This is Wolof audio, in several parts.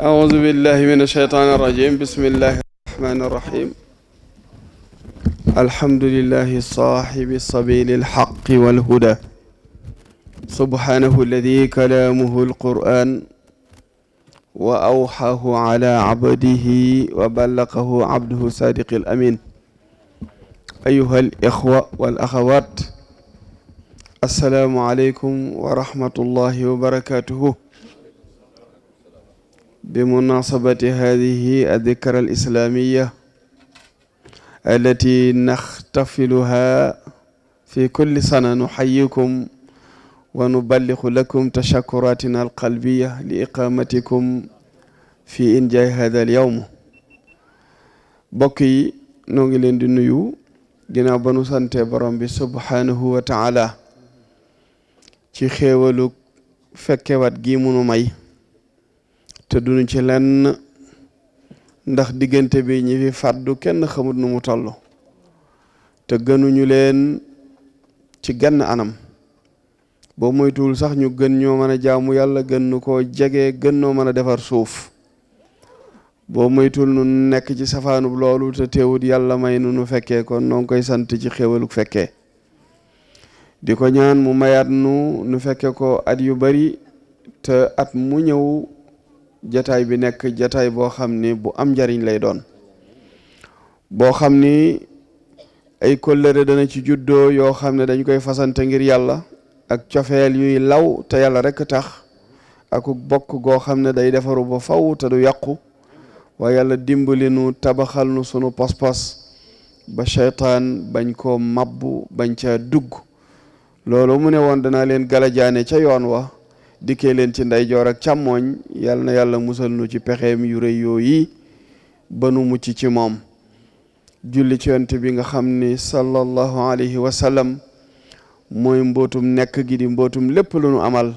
أعوذ بالله من الشيطان الرجيم بسم الله الرحمن الرحيم الحمد لله صاحب السبيل الحق والهدى سبحانه الذي كلامه القرآن وأوحاه على عبده وبلغه عبده صادق الأمين أيها الإخوة والأخوات السلام عليكم ورحمة الله وبركاته بمناسبة هذه الذكرى الإسلامية التي نحتفلها في كل سنة نحييكم ونبلغ لكم تشكراتنا القلبية لإقامتكم في إنجاز هذا اليوم بقي نغلين دي نيو ginnaaw ba nu سبحانه وتعالى bi subhanahu wa taala ci te duñu ci lenn ndax diggante bi ñi fi fàddu kenn xamut nu mu toll te gënuñu leen ci genn anam boo moytuwul sax ñu gën ñoo mën a jaamu yàlla gën nu koo jege gën noo mën a defar suuf boo moytuwul nu nekk ci safaanub loolu te teewut yàlla may nu nu fekkee kon noo koy sant ci xéwaluk fekkee di ko ñaan mu mayaat nu nu fekke ko at yu bari te at mu ñëw jataay bi nekk jataay boo xam ni bu am njariñ lay doon boo xam ni ay kóllëre dana ci juddoo yoo xam ne dañ koy fasante ngir yàlla ak cofeel yuy law te yàlla rekk tax ak bokk goo xam ne day defaru ba faw te du yàqu waaye yàlla dimbali nu tabaxal nu sunu pas-pas ba seytaan bañ koo mabbu bañ ca dugg loolu mu ne woon danaa leen galajaane ca yoon wa dikkee leen ci ndeyjoor ak càmmooñ yal na yàlla musal nu ci pexeem yu rëy yooyu ba nu mucc ci moom julli ci yonent bi nga xam ni sallallahu alayhi wa sallam mooy mbootum nekk gi di mbootum lépp lu nu amal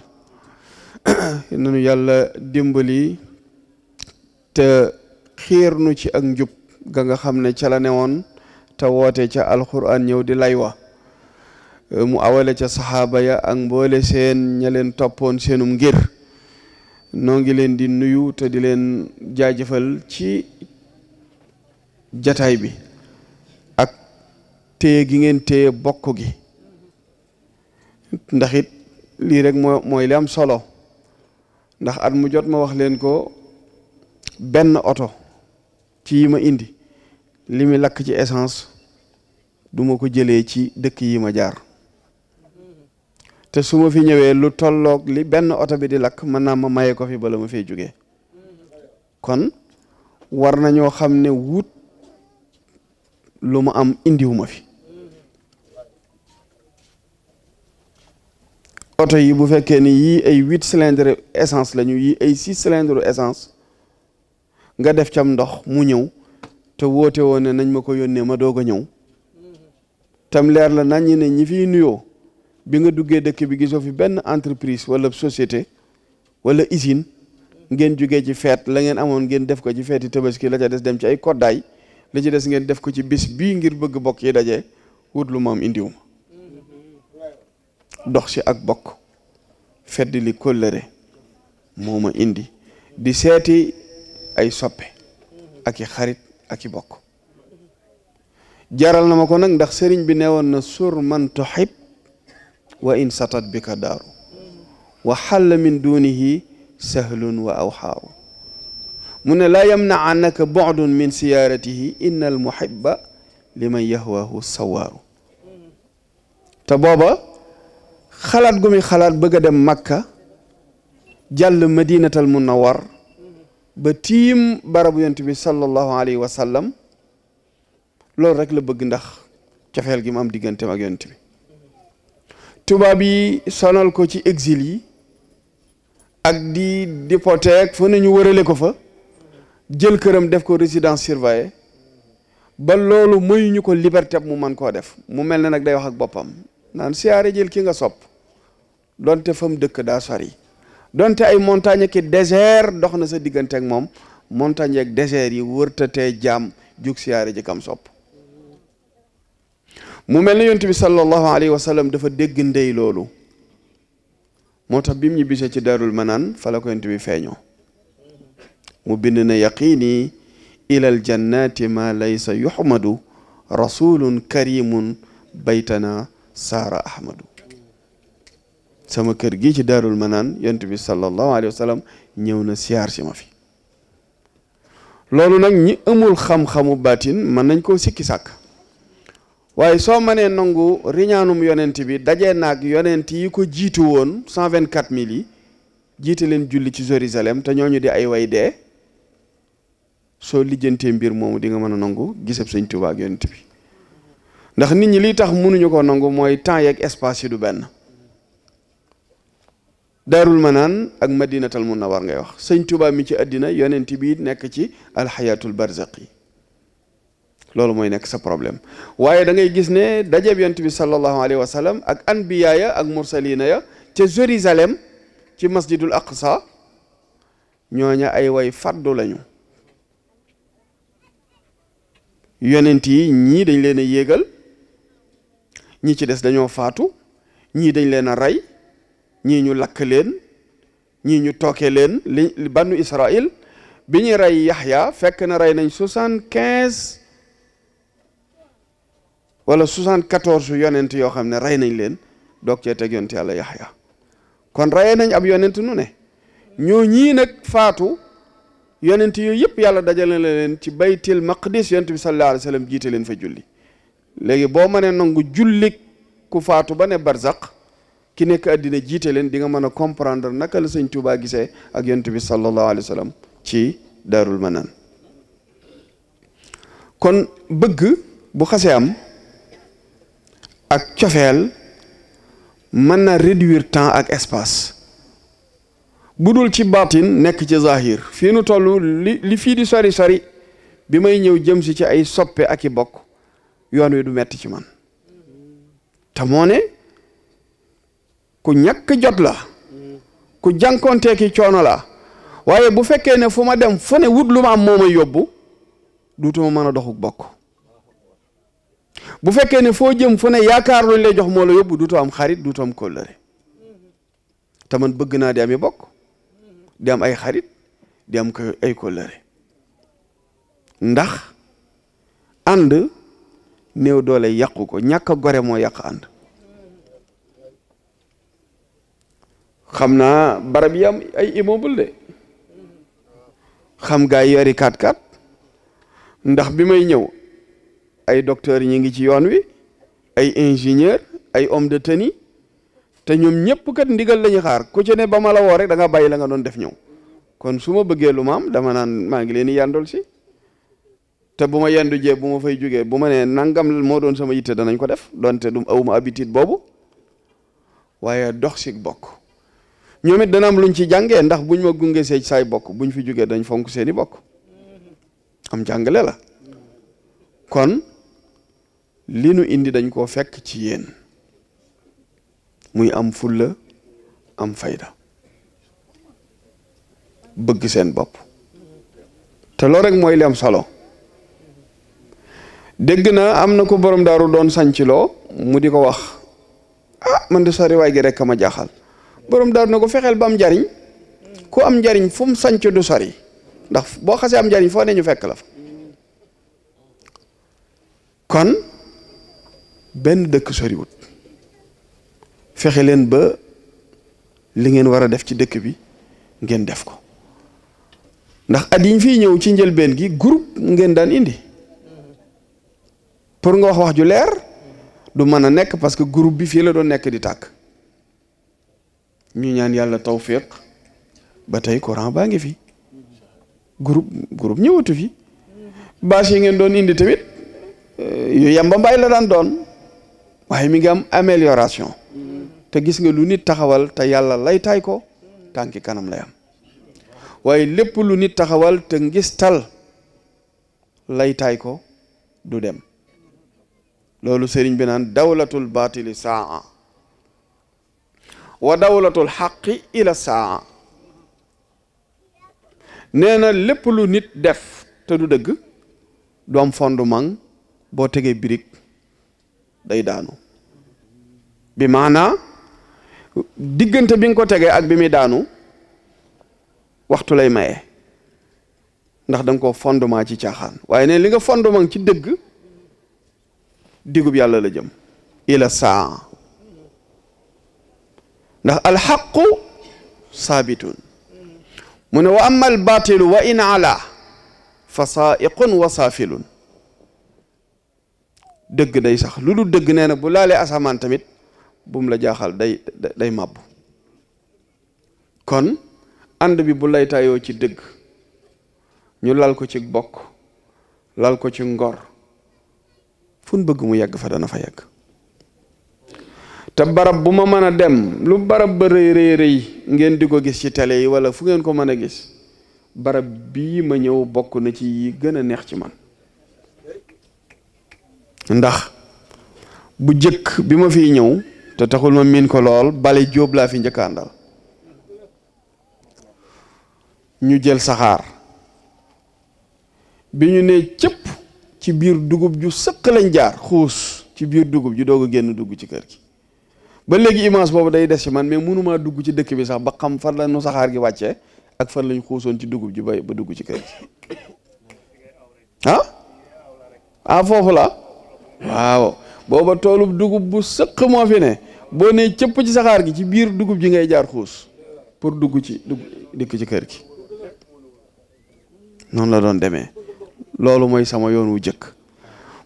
nanu yàlla dimbali te xiir nu ci ak njub ga nga xam ne ca la ne woon te woote ca alquran ñëw di lay wa Eh, mu awale ca saxaaba ya ak mboole seen ña leen toppoon seenum ngir noo ngi leen di nuyu te di leen jaajëfal ci jataay bi ak téye gi ngeen téye bokk gi ndaxit lii rek moo mooy li am solo ndax at mu jot ma wax leen ko benn oto ci yi ma indi li muy lakk ci essence duma ko jëlee ci dëkk yi ma jaar te su ma fi ñëwee lu tolloog li benn oto bi di lakk mën naa ma maye ko fi bala ma fee jógee kon war nañoo xam ne wut lu ma am indiwuma fi oto yi bu fekkee ni yii ay huit cylindre essence lañu yii ay six cylindre essence nga def cam ndox mu ñëw te woote woon ne nañ ma ko yónnee ma doog a ñëw tam leer la nañ ne ñi fiy nuyoo bi nga duggee dëkk bi gisoo fi benn entreprise wala société wala usine ngeen jugee ci feet la ngeen amoon ngeen def ko ci feeti tabaski la ca des dem ci ay koddaay la ci des ngeen def ko ci bis bii ngir bëgg bokk yi daje wut lu moom ma dox si ak bokk fedd li kóllëre indi di seeti ay soppe ak i xarit ak i bokk jaral na ma ko nag ndax sëriñ bi na sur man tuhib وإن سطت بك دار وحل من دونه سهل وأوحار من لا يمنع عنك بعد من سيارته إن المحب لمن يهواه سوار تبابا خلات قمي خلات بغد مكة جل مدينة المنور بتيم برب ينتبه صلى الله عليه وسلم لو رك لبغندخ كفيل جمام ديغنتي ما ينتبه tubaab yi sonal ko ci exil yi ak di déporté fa nañu wërale ko fa jël këram def ko résidence surveillée ba loolu mayuñu ko liberté mu man koo def mu mel ne nag day wax ak boppam naan siyaare jël ki nga sopp donte fa dëkk daa sori donte ay montagne ki désert dox na sa diggante ak moom montagne ak désert yi wërtatee jaam jug siyaare ji kam sopp mu melni ni bi sallallahu alayhi wa sallam dafa deg ndey lolou motax bim ñu mu ci darul manan fa la ko yonent bi feeñoo mu bind na ila ilal jannati ma laysa yuhmadu rasulun karimun baytana sara ahmadu sama kër gi ci darul manan yonent bi sallallahu alayhi wa sallam ñëw na siyaar ma fi lolou nak ñi amul xam-xamu baatin man nañ ko sikki sak waaye soo mënee nangu riñaanum yonent bi dajee naag yonent yi ko jiitu woon cent vingt quatre mille yi jiite leen julli ci Jérusalem te ñoo ñu di ay way dee soo lijjantee mbir moomu di nga mën a nangu gisab sëñ Tuubaa ak yonent bi ndax nit ñi li tax mënuñu ko nangu mooy temps yeeg espace yi du benn daarul manaan ak madinatal mun na munawwar ngay wax sëñ Tuubaa mi ci àddina yonent bi nekk ci alxayatul barzaqi loolu mooy nekk sa problème waaye dangay gis ne dajeeb yonent bi sallallahu alayhi wa sallam ak anbiya ya ak mursalina ya ca Jérusalem ci masjidul aqsa ñooña ay way faddu lañu yonent yi ñii dañ leen a yéegal ñii ci des dañoo faatu ñii dañ leen a rey ñii ñu lakk leen ñii ñu tooke leen li banu bi ñu rey Yaxya fekk na rey nañ soixante quinze wala 74 yonent yoo xam ne rey nañ leen doog cee teg yonent yàlla yaxya kon reyee nañ ab yonent nu ne ñoo ñii nag faatu yonent yooyu yëpp yàlla dajale na leen ci baytil maqdis yonent bi sa alayhi wa sallam jiite leen fa julli léegi boo mënee nangu julli ku faatu ba ne barzaq ki nekk àddina jiite leen di nga mën a comprendre naka la sëñ Tuubaa gisee ak yonent bi sallallahu alayhi wa sallam ci daarul manaan kon bëgg bu xasee am ak cofeel mën na réduire temps ak espace bu dul ci baatin nekk ci zahir fii nu toll li li fii di sori sori bi may ñëw jëm si ci ay soppe ak i bokk yoon wi du metti ci man te moo ne ku ñàkk jot la ku jànkonteeki coono la waaye bu fekkee ne fu ma dem fu ne wut lu ma am moo may yóbbu duutuma mën a doxuk bokk bu fekkee ne foo jëm fu ne yaakaar luñ lay jox moo la yóbbu duutoo am xarit duutoo am kóllëre te man bëgg naa di am i bokk di am ay xarit di am ko ay kóllëre ndax ànd néew doole yàqu ko ñàkk gore moo yàq ànd xam naa barab yi am ay immeuble de xam gaa yi kaat kaat ndax bi may ñëw ay docteurs ñi ngi ci yoon wi ay ingénieur ay homme de tenue te ñoom ñëpp kat ndigal lañuy xaar ku ci ne ba ma la woo rek da nga bàyyi la nga doon def ñëw kon su ma bëggee lu ma dama naan maa ngi leen di yàndool si te bu ma yendu jee bu ma fay jógee bu ma nee nangam moo doon sama yitte danañ ko def donte du awuma habitude boobu waaye dox si bokk ñoom it dana am luñ ci jàngee ndax bu ñu ma gunge see saay bokk buñ fi jógee dañ fonk seeni bokk am jàngale la kon li nu indi dañ koo fekk ci yéen muy am fulla am fayda bëgg seen bopp te loolu rek mooy li am solo dégg na am na ko borom daaru doon sanciloo mu di ko wax ah man de sori waay gi rek ma jaaxal borom daaru na ko fexeel ba am njariñ ku am njariñ fum mu sanc du sori ndax boo xasee am njariñ foo ne ñu fekk la fa kon benn dëkk soriwut fexe leen ba li ngeen war a def ci dëkk bi ngeen def ko ndax at yiñ fiy ñëw ci njëlbeen gi groupe ngeen daan indi pour nga wax wax ju leer du mën a nekk parce que groupe bi fii la doon nekk di tàkk ñu ñaan yàlla tawfiq ba tey courant baa ngi fi groupe groupe ñëwatu fi bâche yi ngeen doon indi tamit euh, yu yamba mbaay la daan doon waaye mi ngi am amélioration mm-hmm. te gis nga lu nit taxawal te yàlla lay tay ko mm-hmm. tànki kanam lay am waaye lépp lu nit taxawal te ngis tal lay tay ko du dem loolu sëriñ bi naan dawlatul baatili saa wa dawlatul xaqi ila saa nee na lépp lu nit def te du dëgg du am fondement boo tegee birig day daanu bi maanaa diggante bi nga ko tegee ak bi muy daanu waxtu lay maye ndax da ko fondement ci caaxaan waaye ne li nga fondement ci dëgg digub yàlla la jëm ila saa ndax alxaqu saabitun mu ne wa ama albaatilu wa in ala fa saaiqun wa saafilun dëgg day sax lu dul dëgg nee na bu laalee asamaan tamit bum la jaaxal day day màbb kon ànd bi bu laytaayoo ci dëgg ñu lal ko ci bokk lal ko ci ngor fun bëgg mu yegg fa dana fa yegg te barab bu ma mën a dem lu barab ba rëy rëy rëy ngeen di ko gis ci tele yi wala fu ngeen ko mën a gis barab bii ma ñëw bokk na ci yi gën a neex ci man ndax bu jëkk bi ma fi ñëw te taxul ma miin ko lool bale jóob laa fi njëkk àndal ñu jël saxaar bi ñu nee cëpp ci biir dugub ju sëq lañ jaar xuus ci biir dugub ji doog a génn dugg ci kër gi ba léegi image boobu day des ci man mais mënumaa dugg ci dëkk bi sax ba xam fan la nu saxaar gi wàccee ak fan lañ xuusoon ci dugub ji bay ba dugg ci kër gi ah? ah foofu la waaw booba toolu dugub bu sëq moo fi ne boo nee cëpp ci saxaar gi ci biir dugub ji ngay jaar xuus pour dugg ci dugg dikk ci kër gi noonu la doon demee loolu mooy sama yoon wu jëkk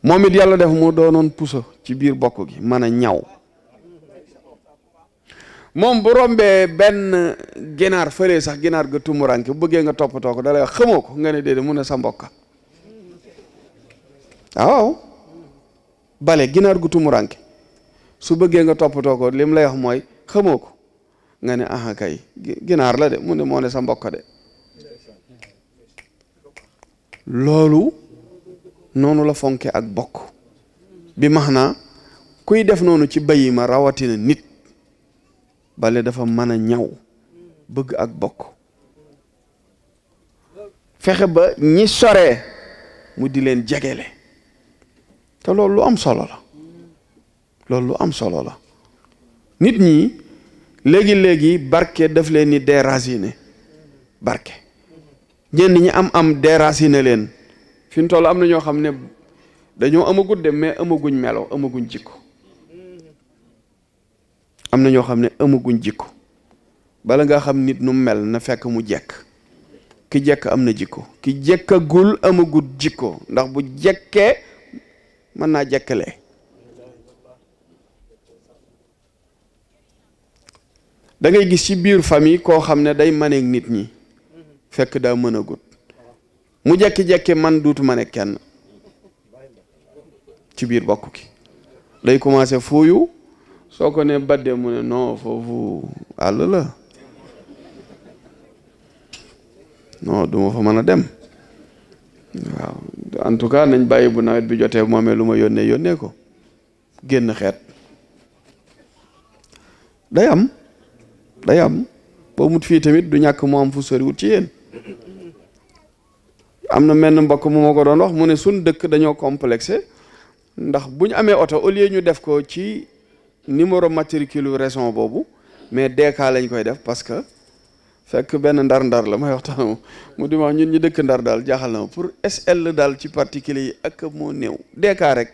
moom it yàlla def mu doonoon puso ci biir bokk gi mën a ñaw moom bu rombee benn ginaar fële sax ginaar ga tumuraanke bu bëggee nga toppatoo ko dalay xëmoo ko nga ne déedéet mun a sa mbokka waaw bale ginaar gu tumuranke su bëggee nga toppatoo ko lim lay wax mooy xamoo ko nga ne aha ginaar la de mu ne moo ne sa mbokk de loolu noonu la fonke ak bokk bi max naa kuy def noonu ci bayi ma rawatina nit bale dafa mën a ñaw bëgg ak bokk fexe ba ñi soree mu di leen jegele te loolu lu am solo la loolu lu am solo la nit ñi léegi léegi barke daf leen ni déraciné barke ñenn ñi am am déraciné leen fi mu toll am na ñoo xam ne dañoo amaguñ de mais amaguñ melo amaguñ jikko am na ñoo xam ne amaguñ jikko bala nga xam nit ñu mel na fekk mu jekk ki jekk am na jikko ki jekkagul amagul jikko ndax bu jekkee mën naa jekkale da ngay gis ci biir fami koo xam ne day maneeg nit ñi fekk daa mën a gut mu jekki-jekki man duutu ma ne kenn ci biir bokk ki day commencé fuuyu soo ko ne badde mu ne non foofu àll la non duma fa mën a dem waaw en tout cas nañ bàyyi bu nawet bi jotee moomee lu ma yónnee yónnee ko génn xeet day am day am boo mut fii tamit du ñàkk mu am fu soriwut ci yéen am na menn mbokk mu ma ko doon wax mu ne suñ dëkk dañoo complexé ndax bu amee oto au lieu ñu def ko ci numéro matricule raison boobu mais DK lañ koy def parce que fekk benn ndar-ndar la may waxtaan moom mu di ma ñun ñu dëkk ndar daal jaaxal na ma pour SL daal ci particulier yi ak moo néew deekaa rek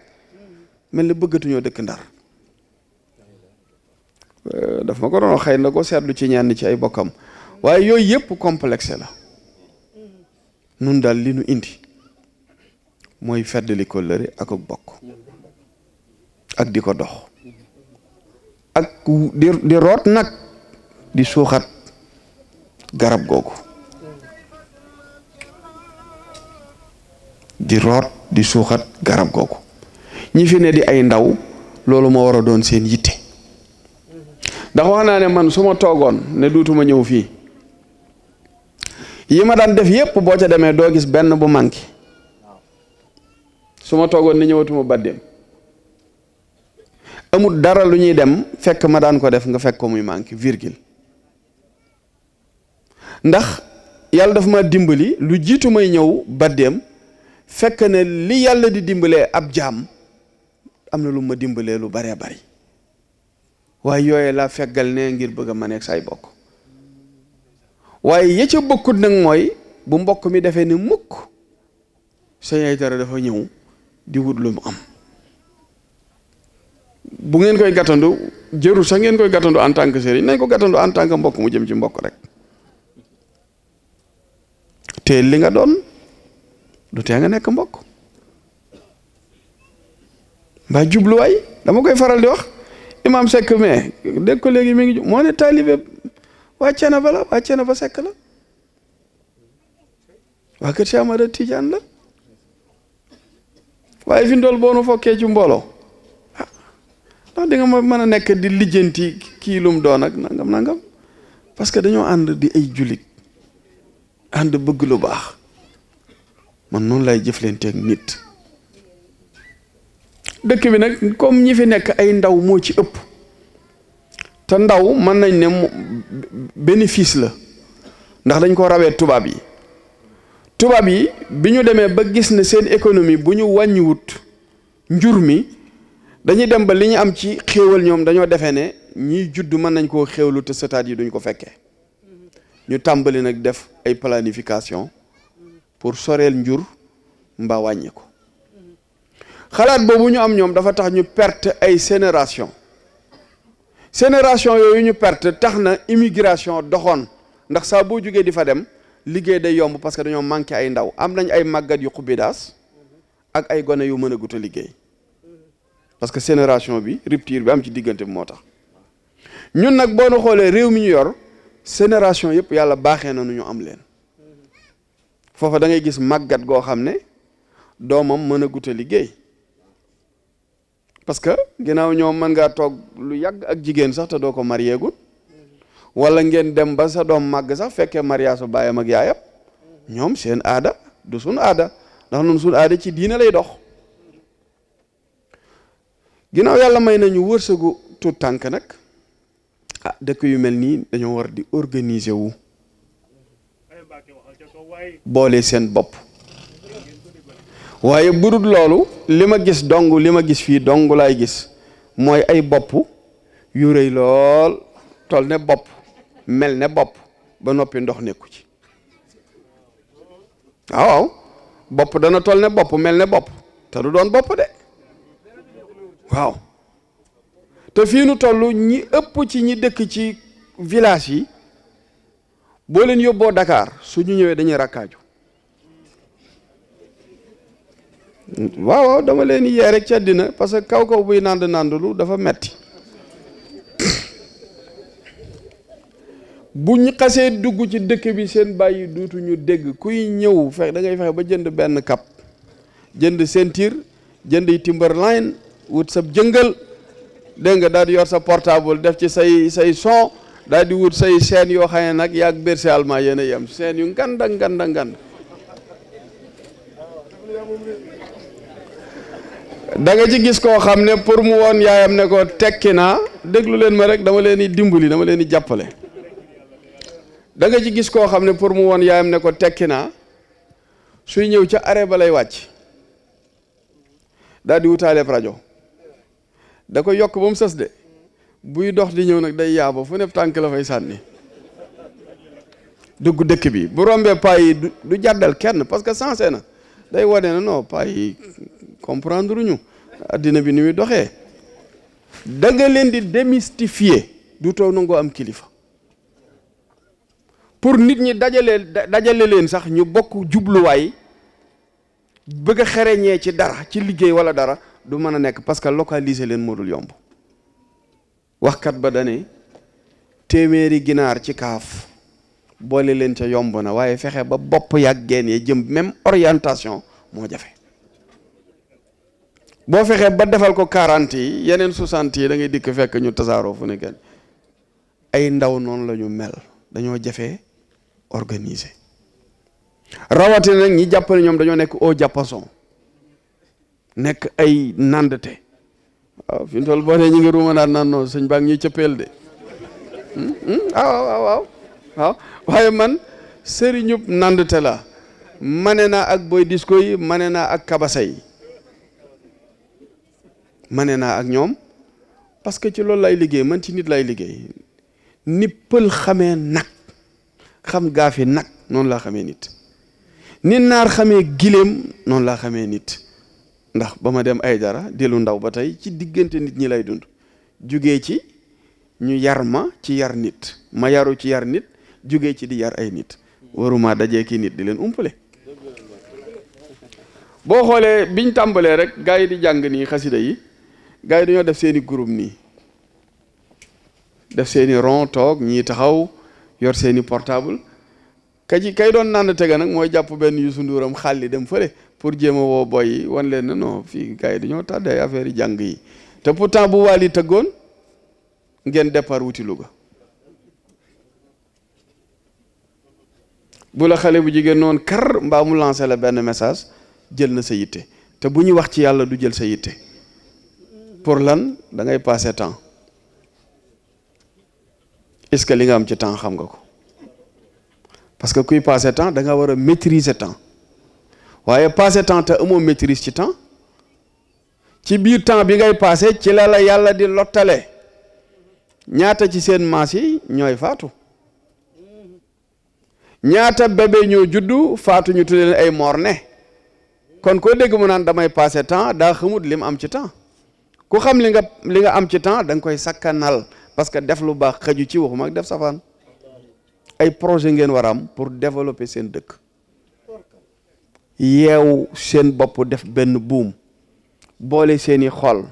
mel ni bëggatuñoo dëkk ndar euh, daf ma ko doon xëy na ko seetlu ci ñenn ci ay bokkam waaye yooyu yëpp complexe la nun daal li nu indi mooy feddali kóllëre ak bokk ak di ko dox ak di root nag di suuxat garab googu di root di suuxat garab googu ñi fi ne di ay ndaw loolu moo war a doon seen yitte ndax wax naa ne man su ma toogoon ne duutuma ñëw fii yi ma daan def yépp boo ca demee doo gis benn bu manqué su ma toogoon ne ñëwatuma baddeem amul dara lu ñuy dem fekk ma daan ko def nga fekk ko muy manqué virgil ndax yàlla dafa ma dimbali lu jiitu may ñëw baddeem fekk ne li yàlla di dimbalee ab jaam am na lu ma dimbalee lu baree bari waaye yooye laa feggal ne ngir bëgg ma nekk saay bokk waaye ya ca nag mooy bu mbokk mi defee ni mukk sëñ ay dafa ñëw di wut lu mu am bu ngeen koy gàttandu jëru sax ngeen koy gàttandu en tant sëriñ nañ ko gàttandu en mbokk mu jëm ci mbokk rek te li nga doon du tee nga nekk mbokk mbaa jubluwaay dama koy faral di wax imam sekk mais dégg ko léegi mi ngi moo ne taalibe wàccee ba sekk la waa kër Cheikh Ahmada Tidiane la waaye fi ndool boonu fokkee ci mbooloo ah ndax di nga ma mën a nekk di lijjanti kii doon ak nangam nangam parce que dañoo ànd di ay jullit ànd bëgg lu baax man noonu lay jëflanteeg nit dëkk bi nag comme ñi fi nekk ay ndaw moo ci ëpp te ndaw mën nañ ne bénéfice la ndax dañ ko rawee tubaab yi tubaab yi bi ñu demee ba gis ne seen économie bu ñu wàññiwut njur mi dañuy dem ba li ñu am ci xéewal ñoom dañoo defee ne ñiy judd mën nañ koo xewlu te sëtaat yi duñ ko fekkee ñu tàmbali nag def ay planification pour soreel njur mbaa wàññi ko xalaat boobu ñu am ñoom dafa tax ñu perte ay génération génération yooyu ñu perte tax na immigration doxoon ndax saa boo jógee di fa dem liggéey day yomb parce que dañoo manqué ay ndaw am nañ ay màggat yu xubbidaas ak ay gone yu mën a gut liggéey parce que sénération bi rupture bi am ci diggante bi moo tax ñun nag boo nu xoolee réew mi ñu yor génération yëpp yàlla baaxee na nu ñu am leen foofa dangay ngay gis màggat goo xam ne doomam mën a guta liggéey parce que ginnaaw ñoom mën ngaa toog lu yàgg ak jigéen sax te doo ko marié gul wala ngeen dem ba sa doom màgg sax fekkee mariage su baayam ak yaayam ñoom seen aada du sun aada ndax nun sun aada ci diine lay dox ginnaaw yàlla may nañu wërsëgu tuut tànk nag ah dëkk yu mel nii dañoo war di organiser wu boole seen bopp waaye burut loolu li ma gis dong li ma gis fii dong laay gis mooy ay bopp yu rëy lool tol ne bopp mel ne bopp ba noppi ndox nekku ci waaw bopp dana tol ne bopp mel ne bopp te du doon bopp de waaw te fii nu toll ñi ëpp ci ñi dëkk ci village yi boo leen yóbboo Dakar su ñëwee dañuy rakkaaju waaw waaw dama leen yee rek ci àddina parce que kaw kaw buy nànd nàndulu dafa metti bu ñu xasee dugg ci dëkk bi seen bàyyi duutuñu dégg kuy ñëw fex da ngay fexe ba jënd benn kap jënd ceinture jënd timberline wut sab jëngal dégg nga daal di yor sa portable def ci say say son daal di wut say chaîne yoo xam ne nag yaag berse allemand yéen a yem seen yu nganda nganda ngand danga ci gis koo xam ne pour mu woon yaayam ne ko tekki naa déglu leen ma rek dama leen di dimbali dama leen di jàppale da ci gis koo xam ne pour mu woon yaayam ne ko tekki naa suy ñëw ca arrêt ba lay wàcc daal di wutaaleeb rajo da ko yokk ba mu sës de buy dox di ñëw nag day yaaba fu nekk tànk la fay sànni dugg dëkk bi bu rombee paa du jàddal kenn parce que sensé na day wane na non paa comprendre ñu àddina bi ni muy doxee da leen di démystifier du taw nangoo am kilifa pour nit ñi dajale dajale leen sax ñu bokk jubluwaay bëgg a xereñee ci dara ci liggéey walla dara du mën a nekk parce que localiser leen moo dul yomb waxkat ba dane téeméeri ginaar ci kaaf boole leen ca yomb na waaye fexe ba bopp yàgg geen ya jëm même orientation moo jafe boo fexee ba defal ko quarante yeneen soixante yi da ngay dikk fekk ñu tasaaroo fu ne kenn ay ndaw noonu la ñu mel dañoo jafe organiser rawatina nag ñi jàpp ñoom dañoo nekk au diapason nekk ay nandate waaw fi mu toll boo nee ruuma naan naan non sëñ baa ngi ñuy cëppeel de hmm, hmm, waaye man sëriñub nandate la mane naa ak boy disco mane naa ak kabasa mane na ak ñoom parce que ci loolu lay liggéey man ci nit lay liggéey ni pël xamee nag xam gaafi nag noonu laa xamee nit ni naar xamee gileem noonu laa xamee nit ndax ba ma dem ay dara di ndaw ba tey ci diggante nit ñi lay dund jugee ci ñu yar ma ci yar nit ma yaru ci yar nit jugee ci di yar ay nit waruma dajee kii nit di leen umpale boo xoolee biñ tàmbalee rek gars yi di jàng nii xasida yi gars yi dañoo def seeni groupe nii def seeni rond toog ñii taxaw yor seeni portable ka ji kay doon naan tega nag mooy jàpp benn Youssou Nduuram xàlli dem fële pour jéem a woo boy yi wan leen ne noo fii gars yi ñoo tàdde ay affaire yi jàng yi te pourtant bu Wally tëggoon ngeen départ wuti Louga bu la xale bu jigéen noonu kar mbaa mu lancé la benn message jël na sa yitte te bu ñu wax ci yàlla du jël sa yitte pour lan da ngay passé temps est-ce que li nga am ci temps xam nga ko parce que kuy passé temps danga war a maîtriser temps waaye passé temps te amoo maîtrise ci temps ci biir temps bi ngay passé ci la la yàlla di lottale ñaata ci seen maas yi ñooy faatu ñaata bébé ñoo juddu faatu ñu tuddee ay morne kon koo dégg mu naan damay passé temps daa xamut li mu am ci temps ku xam li nga li nga am ci temps da nga koy sakkanal parce que def lu baax xëju ci waxuma ak def safaan ay projet ngeen war am pour développer sen deuk yew sen bop def ben boom, bolé seni xol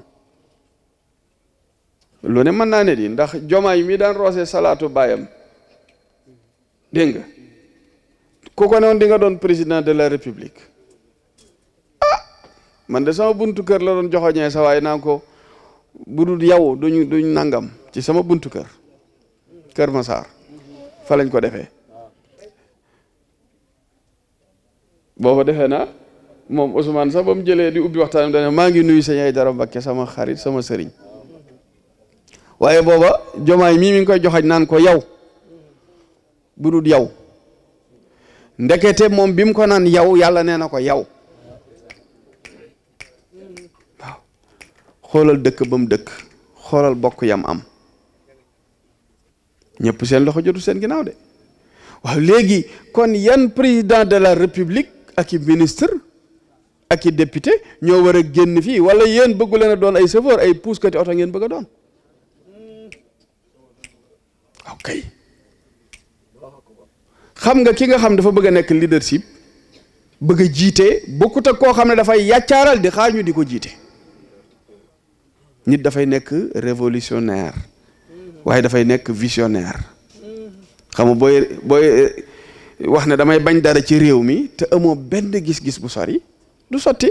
lu ne man naa ne di ndax jomay mi dan rosé salatu bayam deng nga ko ko non di nga don président de la république ah man de sama buntu kër la don joxoñee sa way na ko bu yaw yow duñ nangam ci sama buntu kër kër sar fa lañ ko defee booba defee na moom Ousmane sax ba mu jëlee di ubbi waxtaan dane maa ngi nuyu ay Aydara Mbakke sama xarit sama sëriñ waaye booba jomaay mii mi ngi koy joxañ naan ko yaw bu dul yow ndekete moom bi mu ko naan yow yàlla nee na ko yow xoolal dëkk ba mu dëkk xoolal bokk yam am ñepp seen loxo jotu seen ginaaw de waaw léegi kon yan président de la république ak ministre ak député ñoo war a génn fii wala yéen bëggu leen a doon ay chauffeur ay puuskati oto ngeen bëgg a doon ok xam nga ki nga xam dafa bëgg a leadership bëgg a jiite bokkut ak koo xam ne dafay yàccaaral di xaar ñu di ko jiite nit dafay nekk révolutionnaire waaye dafay nekk visionnaire xam nga booy booy eh, wax ne damay bañ dara ci réew mi te amoo benn gis-gis bu sori du sotti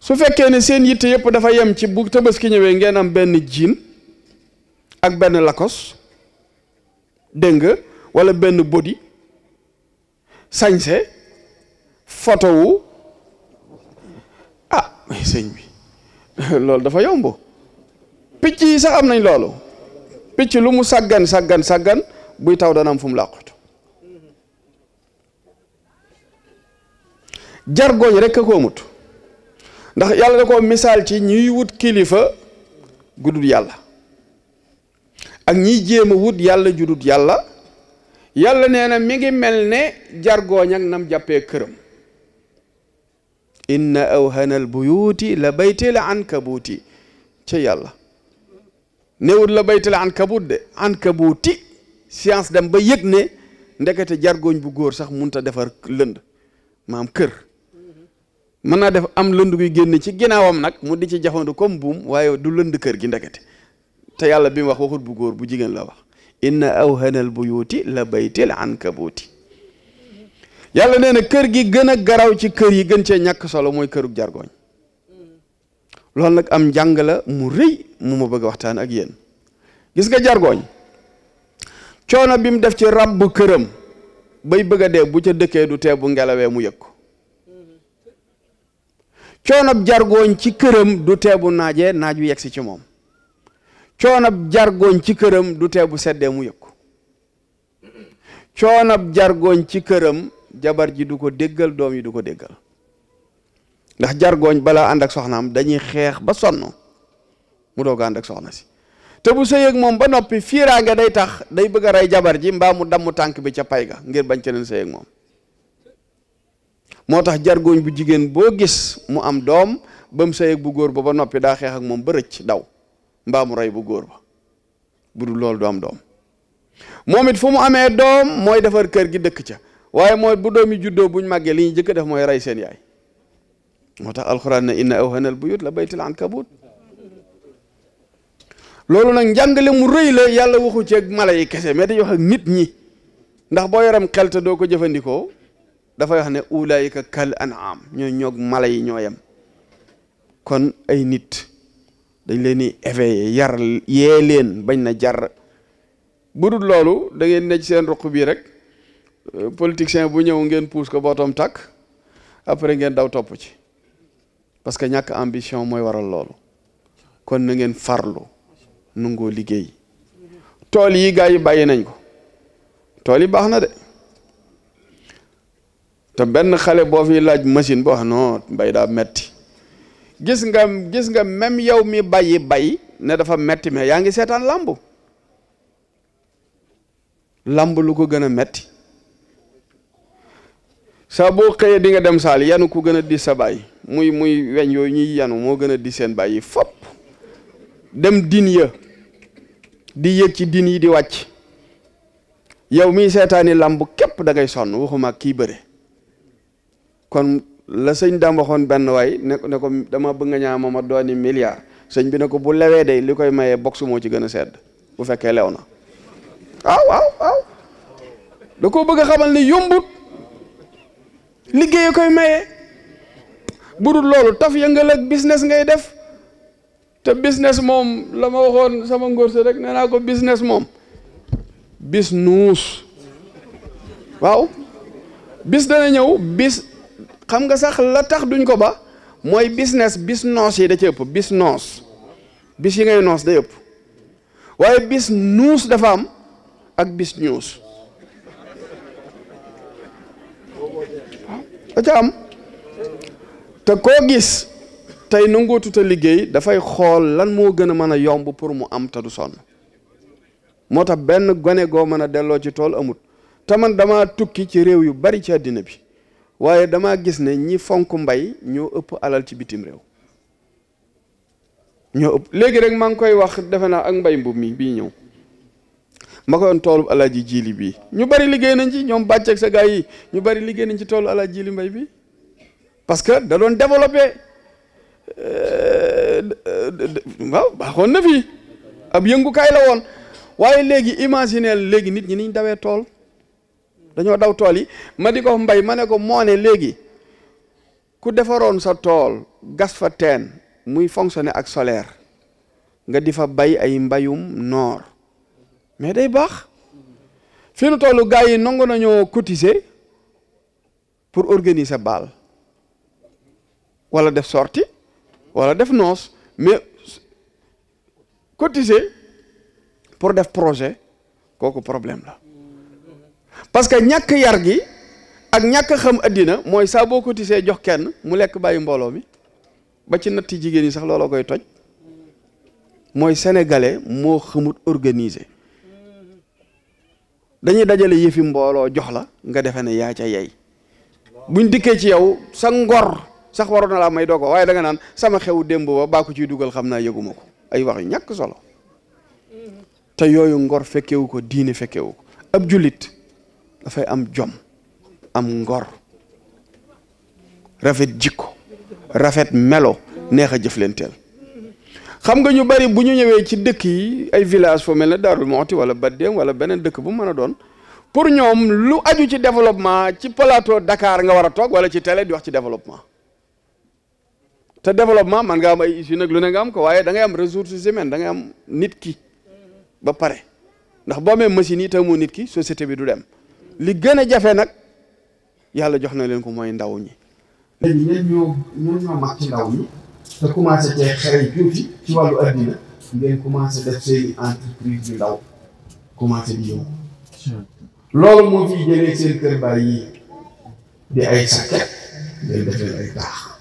su fekkee ne seen yitte yëpp dafa yem ci bu tabaski ñëwee ngeen am benn jean ak benn lakos dégg nga wala benn body sañse photo wu ah sëñ bi loolu dafa yomb picc yi sax am nañ loolu picc lu mu sàggan sàggan sàggan buy taw dana am fu mu làqutu jargoñ rekk a ko mut ndax yàlla da koo misaal ci ñuy wut kilifa gudut yàlla ak ñiy jéem a wut yàlla judut yàlla yàlla nee na mi ngi mel ne jargoñ ak nam jàppee këram inna awhana al buyuti la baytil ankabuuti ca yàlla newut la baytale ankabut de ankabuti science dem ba yëg ne ndekete jargoñ bu góor sax munta defar lënd maam kër mën naa def am lënd guy génn ci ginnaawam nag mu di ci jafandu comme buum waaye du lënd kër gi ndekete te yàlla bi mu wax waxut bu góor bu jigéen la wax na aw inna bu buyuti la baytil ankabuti yàlla nee na kër gi gën a garaw ci kër yi gën cee ñàkk solo mooy këru jargoñ loolu nag am njàng la mu rëy mu ma bëgg waxtaan ak yéen gis nga jargoñ coono bi mu def ci rabb këram bay bëgg a dee bu ca dëkkee du tee bu ngelawee mu yëg coono coonob jargoñ ci këram du tee bu naajee naaj wi yegsi ci moom coonob jargoñ ci këram du tee bu seddee mu yëg ko coonob jargoñ ci këram jabar ji du ko déggal doom yi du ko déggal ndax jargon, balaa andak ak soxnaam dañuy xex ba sonno mu doga ànd ak soxna si te bu sey ak mom ba fiira nga day tax day bëgg ray jabar ji mba mu damu tank bi ca pay ngir bañ ci len sey ak mom motax tax jargooñ bu jigen bo gis mu am dom bam sey ak bu goor ba ba noppi daa ak mom ba recc daw mba mu ray bu goor ba bu dul loolu du am dom momit fu mu amé dom moy defar kër gi dëkk ca waye moy bu juddo buñ def moy ray seen yaay moo tax alxuraan ne inna bu buyut la baytul ankabut loolu nag njàngale mu rëy la yàlla waxu ceeg mala yi kese mais dañuy wax ak nit ñi ndax boo yaram xel doo ko jëfandikoo dafay wax ne ulaayika kal an'am ñooy ñoog mala yi ñoo yem kon ay nit dañ leen di éveiller yar yee leen bañ na jar bu dul loolu da ngeen ne seen ruq bii rek politicien bu ñëw ngeen puus ko bootoom tàkk après ngeen daw topp ci parce que ñàkk ambition mooy waral loolu kon na ngeen farlu nungoo liggéey tool yi gars yi bàyyi nañ ko tool yi baax na de te benn xale boo fi laaj machine boo wax non mbay daa metti gis nga gis nga même yow mi bàyyi bay ne dafa metti mais yaa ngi seetaan làmb làmb lu ko gën a metti saa boo xëyee di nga dem saal yanu ku gën a di sa bàyyi muy muy weñ yooyu ñuy yanu moo gën a di seen bàyyi fopp dem din ya di yëg ci din yi di wàcc yow miy seetaani làmb képp da ngay sonn waxuma kii bëre kon la sëñ dam waxoon benn waay ne ko ne ko dama bëgg nga ñaama ma dooni milliard sëñ bi ne ko bu lewee day li koy mayee box moo ci gën a sedd bu fekkee lew na waaw ah, waaw waaw da koo bëgg a ne yombut liggéey koy mayee bu dul loolu taf yëngal ak business ngay def te business moom la ma waxoon sama ngóor si rek nee naa ko business moom bis nuus waaw bis dana ñëw bis xam nga sax la tax duñ ko ba mooy business bis noos yi da ci ëpp bis noos bis yi ngay noos da ëpp waaye bis nuus dafa am ak bis ñuus da ca am te koo gis tey nangootu a liggéey dafay xool lan moo gën a mën a yomb pour mu am te du sonn moo tax benn gone goo mën a delloo ci tool amut te man dama tukki ci réew yu bari ci àddina bi waaye dama gis ne ñi fonk mbay ñoo ëpp alal ci bitim réew ñoo ëpp léegi rek maa ngi koy wax defe naa ak mbay mbub mi bii ñëw ma koy woon toolu alaaji jiili bii ñu bari liggéey nañ ci ñoom bàcceeg sa gaa yi ñu bari liggéey nañ ci toolu alaaji jiili mbay bi parce que da doon développé euh, waaw baaxoon na fii ab yëngukaay la woon waaye léegi imaginer léegi nit ñi niñ dawee tool dañoo daw tool yi ma di ko mbay ma ne ko moo ne léegi ku defaroon sa tool gas fa teen muy fonctionner ak solaire nga di fa bay ay mbayum noor mais day baax fi nu toolu gars yi nangu nañoo cotiser pour organiser baal wala def sortie wala def non mais cotiser pour def projet kooku problème parce que ñak yar gi ak ñak xam adina moy sa cotiser jox kenn mu lekk mbolo mi ba ci natti yi sax lolo koy toj moy sénégalais mo xamut organiser dañuy dajale jox la nga ca yey buñ sax waroon na laa may doo ko waaye da nga naan sama xew démb ba baa ko ciy dugal xam naa yëguma ko ay wax yu ñàkk solo te yooyu ngor fekkewu ko diine fekkewu ko ab jullit dafay am jom am ngor rafet jikko rafet melo neex a jëf jëflenteel xam nga ñu bari bu ñu ñëwee ci dëkk yi ay village foo mel ne Darou Mouhty wala Baddeem wala beneen dëkk bu mën a doon pour ñoom lu aju ci développement ci plateau Dakar nga war a toog wala ci télé di wax ci développement te développement man nga am ay usine nag lu ne nga am ko waaye da ngay am ressources humaines da ngay am nit ki ba pare ndax boo amee machines yi te moo nit ki société bi du dem li gën a jafe nag yàlla jox na leen ko mooy ndaw ñi. léegi ñun ñoo ñun ñoo mag ci ndaw ñi te commencé cee xëy tuuti ci wàllu addina ngeen commencé def seen entreprise yu ndaw commencé di yëngu. loolu moo fiy jëlee seen kër bàyyi di ay sàkket ngeen def leen taax.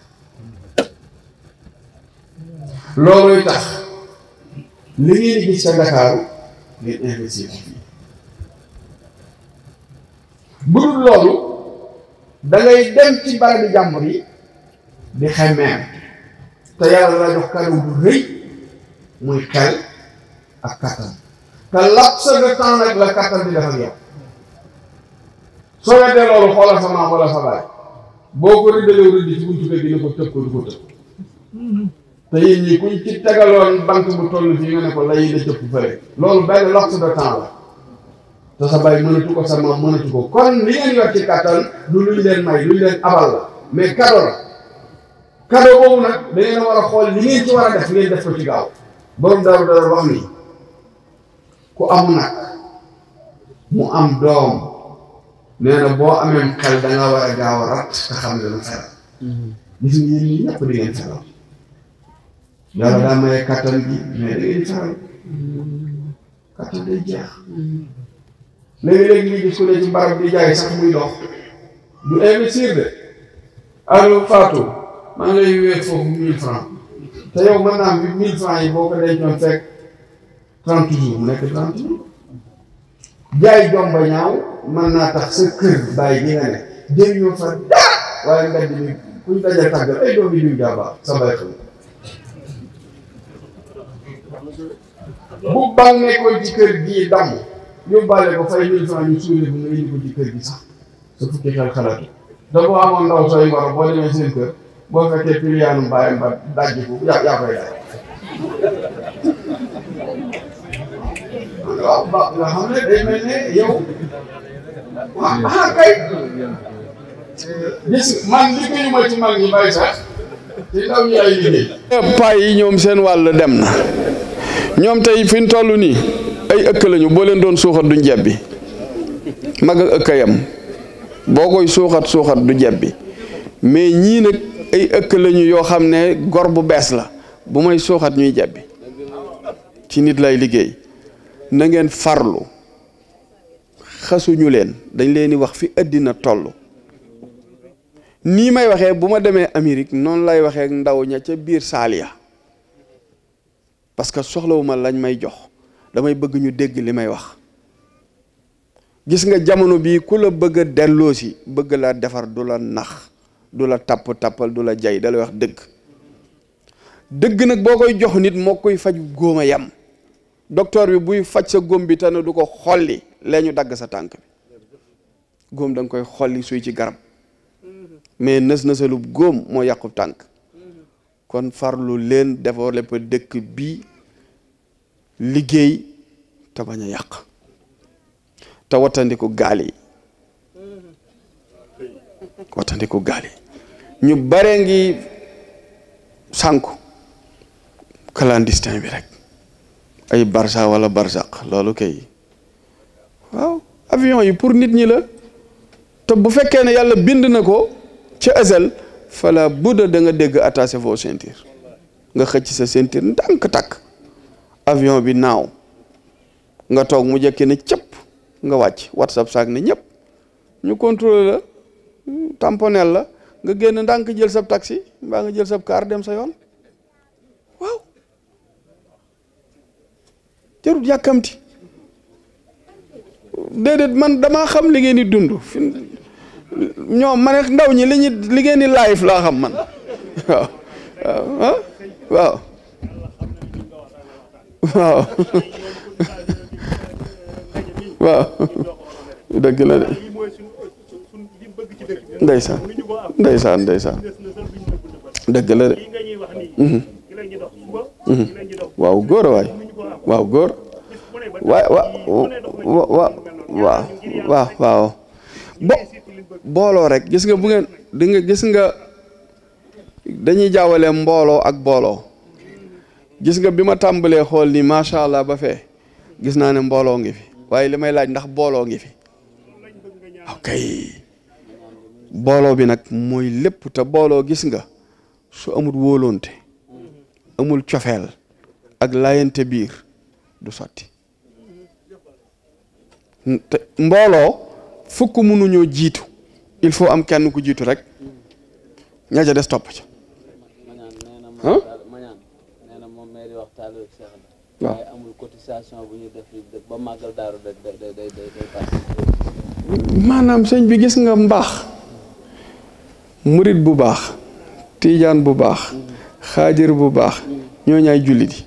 looluy tax li ngeen gis ca Ndakaaru ngeen investir bu dul loolu dangay dem ci barabi jàmbur yi di xemmeem te yàlla la jox kàddu bu rëy muy xel ak kattan te laps de temps nag la kattan di def ak yow soo wettee loolu xoolal sa maam wala sa baay boo ko rëddalee rëdd ci buntu kër gi ko tëb ko du ko tëb te yéen ñi kuñ ci tegaloon banque bu toll fii nga ne ko lay da jëpp fële loolu benn laps de temps la te sa bàyyi mënatu ko sa maam mënatu ko kon li ngeen yor ci kàttan lu luñ leen may luñ leen abal la mais cadeau la cadeau boobu nag da ngeen a war a xool li ngeen ci war a def ngeen def ko ci gaaw borom daaru daaru wax ni ku amu nag mu am doom nee boo amee xel da war a gaaw a rat te xam ne lu xel mm-hmm. gis nga yéen ñi ñëpp di ngeen xelal yàlla daa maye kattan gi mais da ngeen saxal kattan mm. day jeex léegi-léegi ñu ne ci barab di jaay sax muy dox du investir de foofu mille francs te yow mën naa am mille francs yi boo ko dencoon fekk trente jours mu nekk trente jours jaay jomba ñaaw mën naa tax sa kër bàyyi gi nga ne jëriñoo fa dara waaye nga di kuñ daja tàggal ay doomi diw jaaba sa bay bu bal ko ci kër gii damm yóbbaale ko fay mille francs ñu suule bu nga indi ko ci sax sa fukki xel xalaatu da boo sooy ngoro boo demee seen kër boo fekkee piliyaanu bàyyam ba dajji ko daj waaw ba nga xam ah, ah, yi ñoom seen wàll dem na. ñoom tey fi ñu toll nii ay ëkk lañu boo leen doon suuxat duñ jebbi mag ak ëkk yam boo koy suuxat suuxat du jebbi mais ñii nag ay ëkk lañu yoo xam ne gor bu bees la bu may suuxat ñuy jebbi ci nit lay liggéey na ngeen farlu xasuñu leen dañ leen di wax fi ëddina toll nii may waxee bu ma demee Amérique noonu lay waxee ndaw ña ca biir saaliya parce que soxlawuma lañ may jox damay bëgg ñu dégg li may wax gis nga jamono bi ku la bëgg a si bëgg la far du la nax du la tap tapal du la jay da wax dëgg dëgg nak bokoy jox nit mo koy faj goma a yam docteur bi buy faj sa gom bi tane du ko xolli lee dag sa tank bi gom da koy xolli suy ci garab mais neus neuselu gom mo yàqub tank mm-hmm. kon farlu leen defar lépp dekk bi liggéey te bañ a yàq te wattandiku gaal yi wattandiku gaal yi ñu baree ngi sànku clandestin bi rek ay barça wala barzaq loolu kay waaw avion yi pour nit ñi la te bu fekkee ne yàlla bind na ko ci asal fala budda da nga dégg attaché vos ceinture nga xëcc sa ceinture ndànk tàkk avion bi naaw nga toog mu jëkki ne cëpp nga wàcc whatsapp saak ne ñëpp ñu contrôler la tamponel la nga génn ndànk jël sab taxi mbaa nga jël sab kaar dem sa yoon waaw jarut yàkkamti déedéet man damaa xam li ngeen di dund fi ñoom ma ne ndaw ñi li ñu li ngeen di live laa xam man waaw waaw waaw waaw dëgg la de ndeysaan ndeysaan ndeysaan dëgg la de mhm. Mhm. waaw góor waay waaw góor waay waaw waaw bo booloo rek gis nga bu ngeen di nga gis nga dañuy jaawale mbooloo ak booloo gis nga bi ma tàmbalee xool nii macha allah ba fee gis naa ne mbooloo ngi fi waaye li may laaj ndax booloo ngi fi ok booloo bi nag mooy lépp te booloo gis nga su amul wóoloonte amul cofeel ak laayante biir du sotti mbooloo fukk mënuñoo jiitu il faut am kenn ku jiitu rek ña ca des topp ca waaw waaye amul cotisation bu ñuy def ba màggal daaru day day maanaam sëñ bi gis nga mbaax. murit bu baax. tiijaan bu baax. xaajir bu baax. ñoo ñaay jullit yi.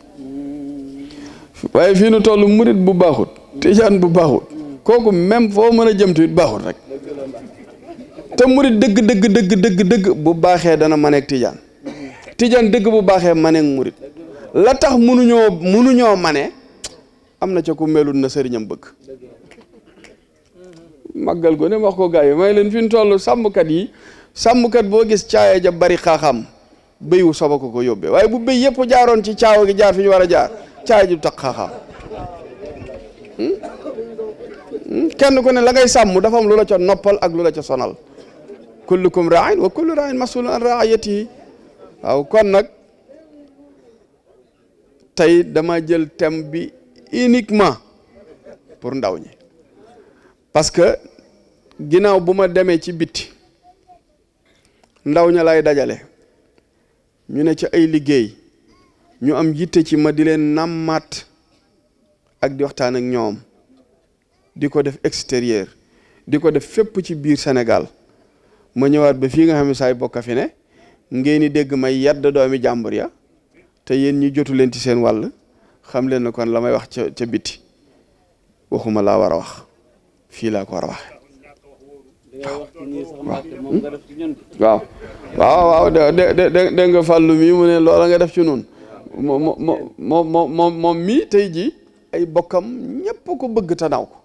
waaye fi nu toll murit bu baaxut. tiijaan bu baaxut. kooku même foo mën a jëm tamit baaxut rek. te murit dëgg dëgg dëgg dëgg dëgg bu baaxee dana maneeg tiijaan. tiijaan dëgg bu baaxee maneeg murit. la tax munuñoo munuñoo mane am na ca ku melul na sëriñam bëgg màggal ko ne wax ko gars may leen fi ñu toll sàmmkat yi sàmmkat boo gis caaya ja bari xaaxam béy wu soba ko ko yóbbee waaye bu béy yëpp jaaroon ci caawa gi jaar fi ñu war a jaar caaya ju tax xaaxam hmm? Hmm? kenn ku ne la ngay sàmm dafa am lu la ca noppal ak lu la ca sonal kullukum raain wa kullu raain masulun an raayatihi waaw kon nag tey dama jël thème bi uniquement pour ndaw ñi parce que ginnaaw bu ma demee ci biti ndaw ña lay dajale ñu ne ci ay liggéey ñu am yitte ci ma di leen nàmmaat ak di waxtaan ak ñoom di ko def extérieur di ko def fépp ci biir senegal ma ñëwaat ba fii nga xam ne saay bokk fi ne ngeen di dégg may yàdd doomi jàmbur ya te yéen ñi jotu leen ci seen wàll xam leen ne kon la may wax ca ca biti waxuma laa war a wax fii laa ko war a wax waaw waaw waaw dégg nga fàllu mii mu ne loola nga def ci noonu moom moom mii tey ji ay bokkam ñëpp ko bëgg te naw ko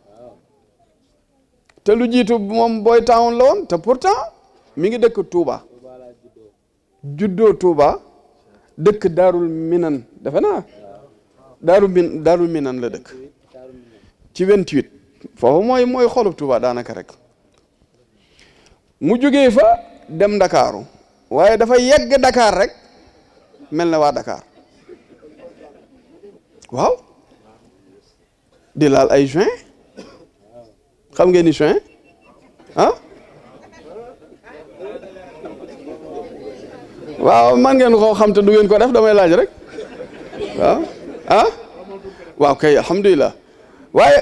te lu jiitu moom booy town la woon te pourtant mi ngi dëkk tuuba juddoo Touba dëkk daarul minan defe naa daaru minan la dëkk ci 28 foofu mooy mooy xolub Tuuba daanaka rek mu jógee fa dem ndakaaru waaye dafa yegg dakaar rek mel na waa Dakar waaw di laal ay juin xam ngeen ni juin ah waaw man ngeen ko xam te du ngeen ko def damay laaj rek waaw ah waaw kay alhamdulillah. waaye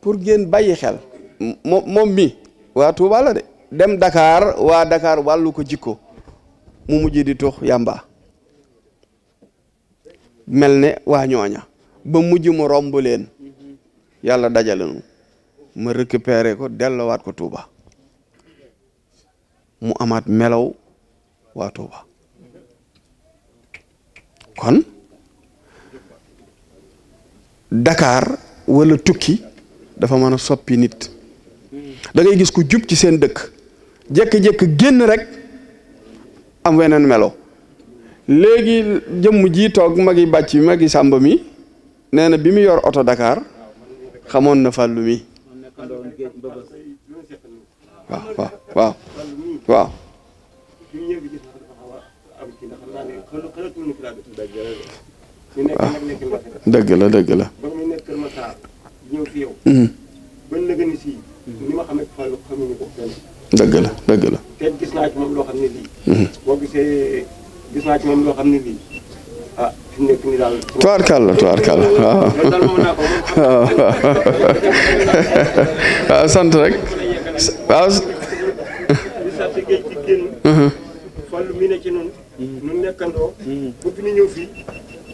pour ngeen bàyyi xel moom mi waa Touba la de dem Dakar waa Dakar wàllu ko jikko mu mujj di tux yamba mel ne waa ñooña ba mujj mu romb leen yàlla dajale nu ma récupéré ko dellowaat ko Touba mu amaat melaw waa Touba kon dakaar wala tukki dafa mën a soppi nit dangay gis ku jub ci seen dëkk jékki-jékki génn rekk am weneen melo léegi jëmm ji toog magi bàcc bi magi sàmb mi nee na bi mu yor oto dakaar xamoon na fàllu mi waaw waaw waaw fi dëgg la ñu dëgg la dëgg la. ba mu hmm. si dëgg la dëgg la. te gis naa ci moom loo xam ne lii. Hmm. wàllu mi ne ci noonu. Mm. nu nekkandoo. Mm. bëgg na ñëw fii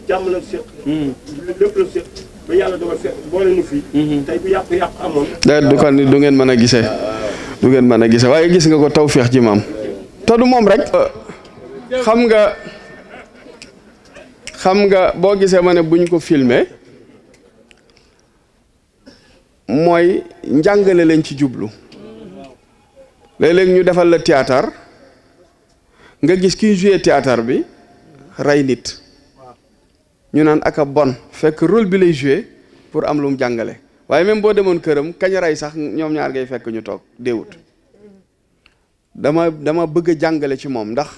jàmm la séq. Mm. lépp la séq ba yàlla dogal fekk boole ñu fii. Mm-hmm. tey bu yàqu yàqu amoon. day du ko ni du ngeen mën a gisee. Ah, du ngeen mën a gisee waaye gis nga ko tawféex ji maam. te du moom rek. Ah. xam nga xam nga boo gisee ma buñ ko filmé mooy njàngale lañ ci jublu mm-hmm. léeg ñu defal la théâtre. nga gis kiy joué théâtre bi rey nit ñu naan ak a bon fekk rôle bi lay joué pour am lu mu jàngale waaye même boo demoon këram kañ rey sax ñoom ñaar ngay fekk ñu toog déewut dama dama bëgg a jàngale ci moom ndax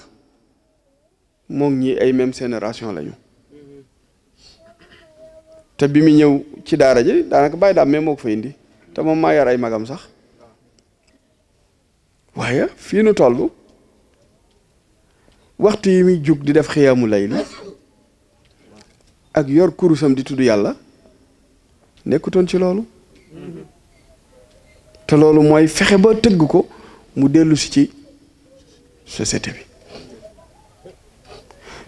moom ñi ay même génération lañu te bi mu ñëw ci daara ji daanaka bàyyi daam mais ko fa indi te moom maa yar ay magam sax waaye fii nu toll waxtu yi muy jug di def lay layli ak yor kurusam di tudd yàlla nekkutoon ci loolu te loolu mooy fexe ba tëgg ko mu dellu si ci société bi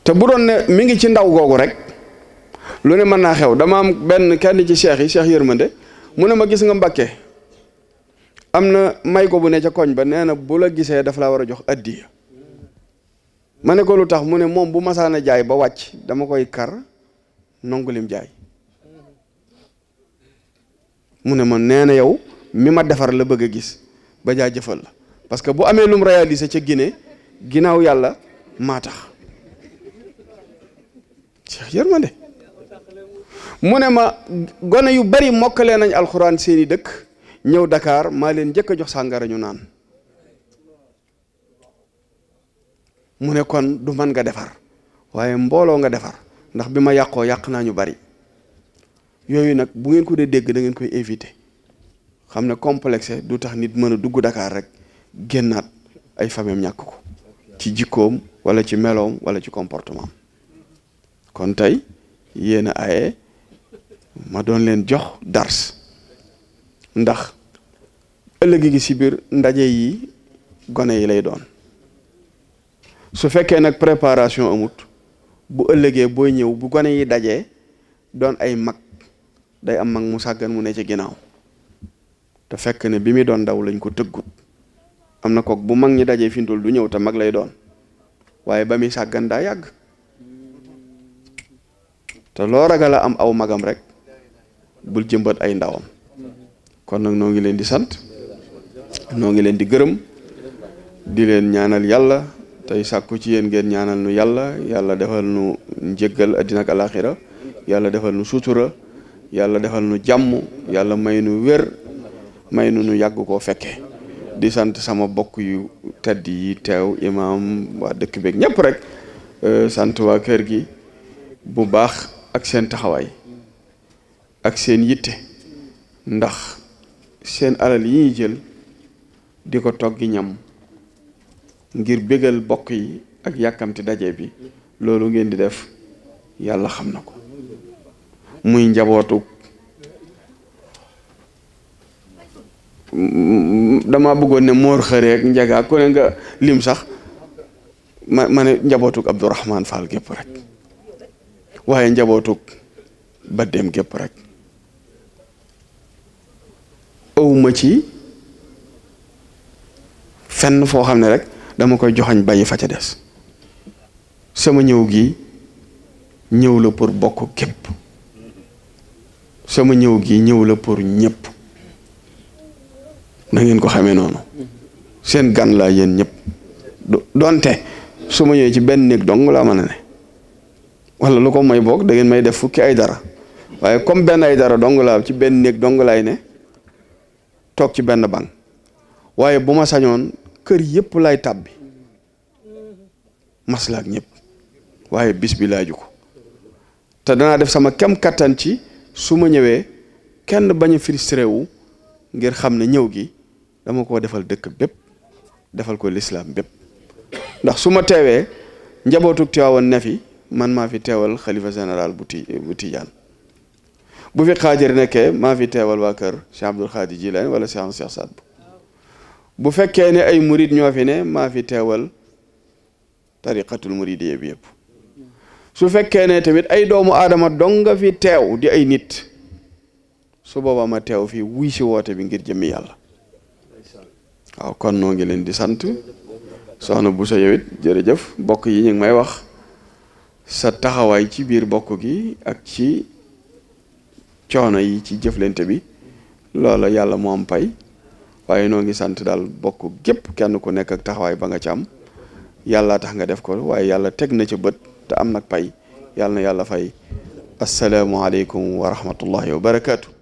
te bu doon ne mi ngi ci ndaw googu rek lu ne mën naa xew dama am benn kenn ci cheikh yi cheikh yërmande mu ne ma gis nga Mbàkke am na may ko bu ne ca koñ ba nee na bu la gisee daf laa war a jox addiya ma ne ko lu tax mu ne moom bu masaan a jaay ba wàcc dama koy kar nangu lim jaay mu ne ma nee na yow mi ma defar la bëgg a gis ba jaa jëfal la parce que bu amee lum réalisé ca Guinée ginnaaw yàlla maa tax Cheikh yërmande mu ne ma gone yu bari mokkalee nañ alxuraan seeni dëkk ñëw Dakar maa leen njëkk jox sàngara ñu naan mu ne kon du man nga defar waaye mbooloo nga defar ndax bi ma yàqoo yàq naa ñu bari yooyu nag bu ngeen ko dee dégg da ngeen koy éviter xam ne complexe du tax nit mën a dugg Dakar rek génnaat ay famem ñàkk ko ci jikkoom wala ci meloom wala ci comportement kon tey yéen a aye ma doon leen jox dars ndax ëllëg gi si biir ndaje yi gone yi lay doon su fekke preparasi préparation amut bu ëllëgé booy ñëw bu gone yi dajé doon ay mag day am mag mu sàggan mu ne ci ginaaw te fekk ne bi mi doon daw lañ ko teggut am ko bu mag ñi fi ndul du ñëw te mag lay doon waye ba mi saggan da yag te lo ragala am aw magam rek bul jëmbat ay ndawam kon nak no ngi leen di sant no ngi leen di gërëm di leen ñaanal yalla tay sakku ci yeen ngeen ñaanal nu yalla yalla defal nu njëggal adina ak yalla yalla defal nu sutura yalla defal nu jamm yalla may nu wer may nu nu yag ko fekke di sant sama bokk yu tedd yi tew imam wa dekk beeg ñep rek euh, sant wa kër gi bu baax ak seen taxaway ak seen yitte ndax seen alal yi ñi jël diko toggi ñam ngir bégal bokk yi ak yàkkamti daje bi loolu ngeen di def yàlla xam na ko muy njabootu dama bëggoon ne moor xëre ak njaga ku nga lim sax ma ma ne njabootuk Abdourahman Fall gépp rek waaye njabootuk Badem gépp rek awma ci fenn foo xam ne rek dama koy joxañ bàyyi fa ca des sama ñëw gi ñëw la pour bokk képp sama ñëw gi ñëw la pour ñëpp na ngeen ko xamee noonu seen gan laa yéen ñëpp donte su ma ñëwee ci benn néeg dong laa mën a ne wala lu ko moy boog dangeen may def fukki ay dara waaye comme benn ay dara dong laa ci benn néeg dong laay ne toog ci benn ban waaye bu ma sañoon kër yëpp laay tàbbi maslaak ñëpp waaye bis bi laaju ko te danaa def sama kem kattan ci su ma ñëwee kenn bañu a wu ngir xam ne ñëw gi dama ko defal dëkk bépp defal ko lislaam bépp ndax su ma teewee njabootug Tiwaawan ne fi man maa fi teewal xalifa général bu ti bu Tijaan bu fi xaajar nekkee maa fi teewal waa kër Cheikh Abdoul Xaadir Jilaani wala Cheikh Cheikh Saad bu bu fekke ne ay murid ño fi ne ma fi tewal tariqatul muridiyya bi yeb su fekke ne tamit ay doomu adama donga fi tew di ay nit su boba ma tew fi wuy wote bi ngir jëmmi yalla aw kon no ngi len di sant soxna Bousso yow it jërëjëf bokk yi ñing may wax sa taxaway ci bir bokk gi ak ci coono yi ci jëflante bi lolo yalla mo am pay waaye noo ngi sant daal bokk gépp kenn ku nekk ak taxawaay ba nga ci am yàlla tax nga def ko waaye yàlla tek na ci bët te am nag pay yàlla na yàlla fay asalaamualeykum wa rahmatullahi wa barakaatu.